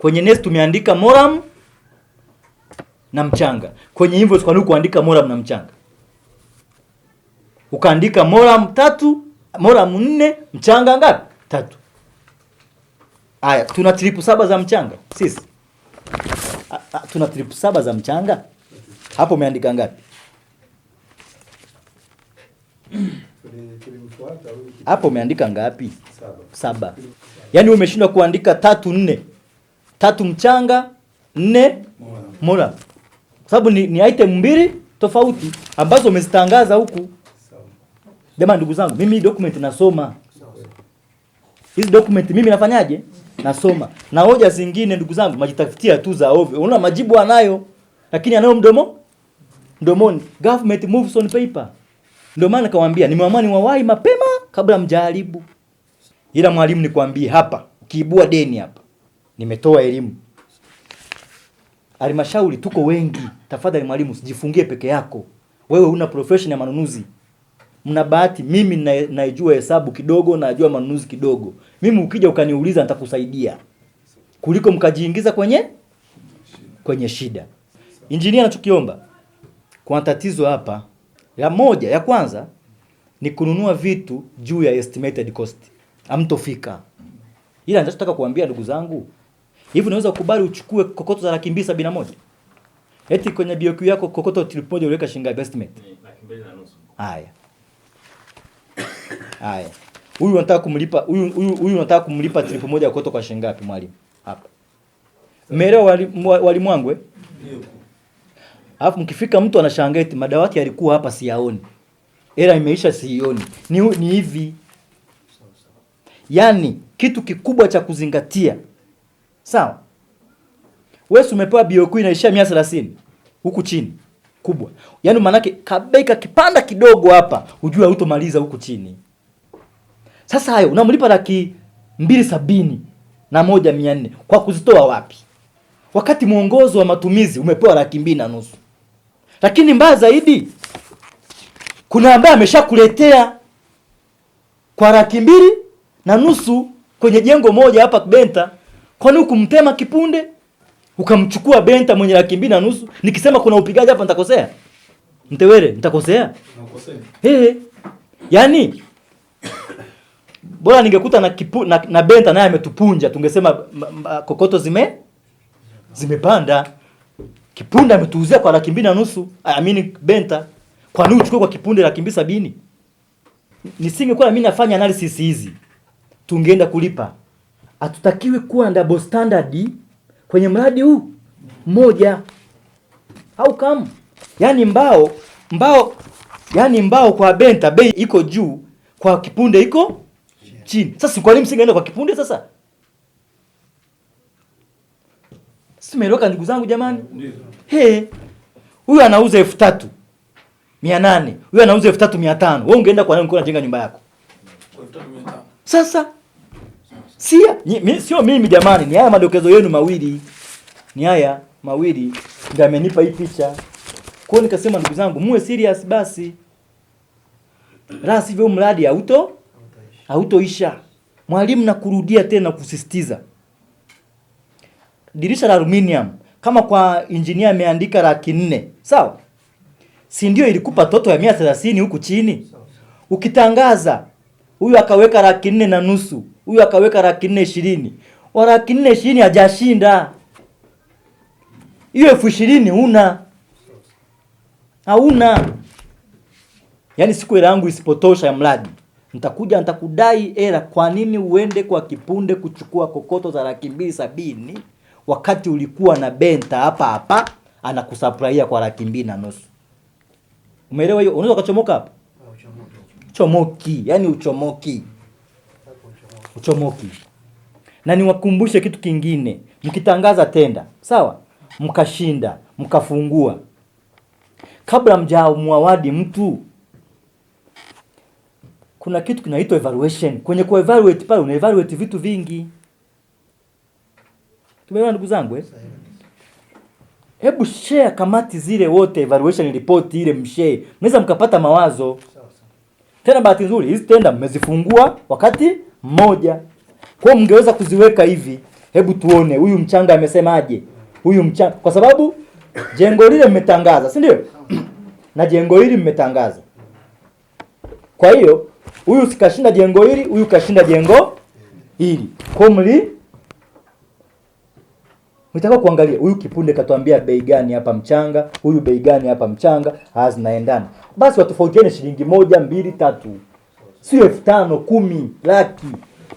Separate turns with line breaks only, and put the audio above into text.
Kwenye nest tumeandika moram na mchanga. Kwenye invoice kwa kuandika moram na mchanga? Ukaandika moram tatu, moram nne, mchanga ngapi? Tatu. Aya, tuna tripu saba za mchanga sisi. A, a, tuna tripu saba za mchanga. Hapo umeandika ngapi? Hapo umeandika
ngapi? Saba.
Saba. Yaani umeshindwa kuandika tatu nne tatu mchanga, nne mola, kwa sababu ni, ni item mbili tofauti ambazo umezitangaza huku. Jamani ndugu zangu, mimi document nasoma hizi document, mimi nafanyaje? Nasoma na hoja zingine, ndugu zangu, majitafutia tu za ovyo. Unaona majibu anayo, lakini anayo mdomo mdomoni. Government moves on paper. Ndio maana kawaambia nimeamua niwawahi mapema kabla mjaribu, ila mwalimu nikwambie hapa, ukiibua deni hapa nimetoa elimu. Halmashauri tuko wengi, tafadhali mwalimu, sijifungie peke yako. Wewe una profession ya manunuzi, mna bahati. Mimi naijua hesabu kidogo, najua manunuzi kidogo. Mimi ukija ukaniuliza, nitakusaidia kuliko mkajiingiza kwenye kwenye shida. Injinia, anachokiomba kwa tatizo hapa la moja. Ya kwanza ni kununua vitu juu ya estimated cost, amtofika. Ila ninachotaka kuambia ndugu zangu Hivi unaweza kukubali uchukue kokoto za laki mbili sabini na moja? Eti kwenye BOQ yako kokoto trip moja uliweka shilingi ngapi estimate? Eh, laki mbili Haya. Haya. Huyu unataka kumlipa huyu huyu huyu unataka kumlipa trip moja ya kokoto kwa shilingi ngapi mwalimu? Hapa. Mmeelewa walimu wangu eh? Ndio. Alafu mkifika mtu anashangaa eti madawati yalikuwa hapa siyaoni. Era imeisha sioni. Ni ni hivi. Yaani kitu kikubwa cha kuzingatia Sawa? Wewe umepewa bioku inaishia 130 huku chini kubwa. Yaani maanake kabeka kipanda kidogo hapa, hujue hutomaliza huku chini. Sasa hayo unamlipa laki mbili sabini na moja mia nne kwa kuzitoa wapi? Wakati mwongozo wa matumizi umepewa laki mbili na nusu. Lakini mbaya zaidi kuna ambaye ameshakuletea kwa laki mbili na nusu kwenye jengo moja hapa Benta. Kwani kumtema kipunde ukamchukua Benta mwenye laki mbili na nusu? Nikisema kuna upigaji hapa nitakosea? Mtewere, nitakosea?
Nakosea. Hey,
yaani bora ningekuta na, kipu, na, na Benta naye ametupunja tungesema kokoto zime zimepanda. Kipunde ametuuzia kwa laki mbili na nusu. I mean Benta. Kwa nini uchukue kwa kipunde laki mbili sabini? Nisingekuwa mimi nafanya analysis hizi. Tungeenda kulipa hatutakiwi kuwa double standard kwenye mradi huu mmoja au kama yani mbao mbao yani mbao kwa Benta bei iko juu, kwa Kipunde iko chini. Sasa kwa nini msingeenda kwa Kipunde? Sasa simeroka ndugu zangu, jamani. He, huyu anauza elfu tatu mia nane huyu anauza elfu tatu mia tano wewe ungeenda kwa nani ukiwa unajenga nyumba yako sasa? Sio mi, sio mimi jamani, ni haya madokezo yenu mawili, ni haya mawili ndio amenipa hii picha. Kwa hiyo nikasema, ndugu zangu, muwe serious basi, la sivyo mradi hauto hautoisha. Mwalimu, nakurudia tena kusisitiza, dirisha la aluminium kama kwa injinia ameandika laki nne sawa, si ndio ilikupa toto ya mia thelathini huku chini, ukitangaza huyu akaweka laki nne na nusu huyu akaweka laki nne ishirini wa laki nne ishirini hajashinda. Hiyo elfu ishirini huna hauna. Yaani siku hela yangu isipotosha ya mradi, nitakuja nitakudai hela. Kwa nini uende kwa kipunde kuchukua kokoto za laki mbili sabini wakati ulikuwa na benta hapa hapa anakusapurahia kwa laki mbili na nusu? Umeelewa hiyo? Unaweza ukachomoka hapa
chomoki,
yani uchomoki. Yaani uchomoki. Na niwakumbushe kitu kingine, mkitangaza tenda sawa, mkashinda, mkafungua, kabla mjamwawadi mtu, kuna kitu kinaitwa evaluation. Kwenye ku evaluate pale una evaluate vitu vingi. Tumeona ndugu zangu eh? Hebu share kamati zile wote, evaluation report ile mshare, mnaweza mkapata mawazo. Tena bahati nzuri hizi tenda mmezifungua wakati moja. Kwa mngeweza kuziweka hivi, hebu tuone huyu mchanga amesemaje? Huyu mchanga, kwa sababu jengo lile mmetangaza, si ndio? na jengo hili mmetangaza. Kwa hiyo huyu sikashinda jengo hili, huyu kashinda jengo hili. Kwa mli mtaka kuangalia huyu kipunde katuambia bei gani hapa mchanga, huyu bei gani hapa mchanga, hazinaendana. Basi watofautiane shilingi moja, mbili, tatu sio elfu tano kumi laki.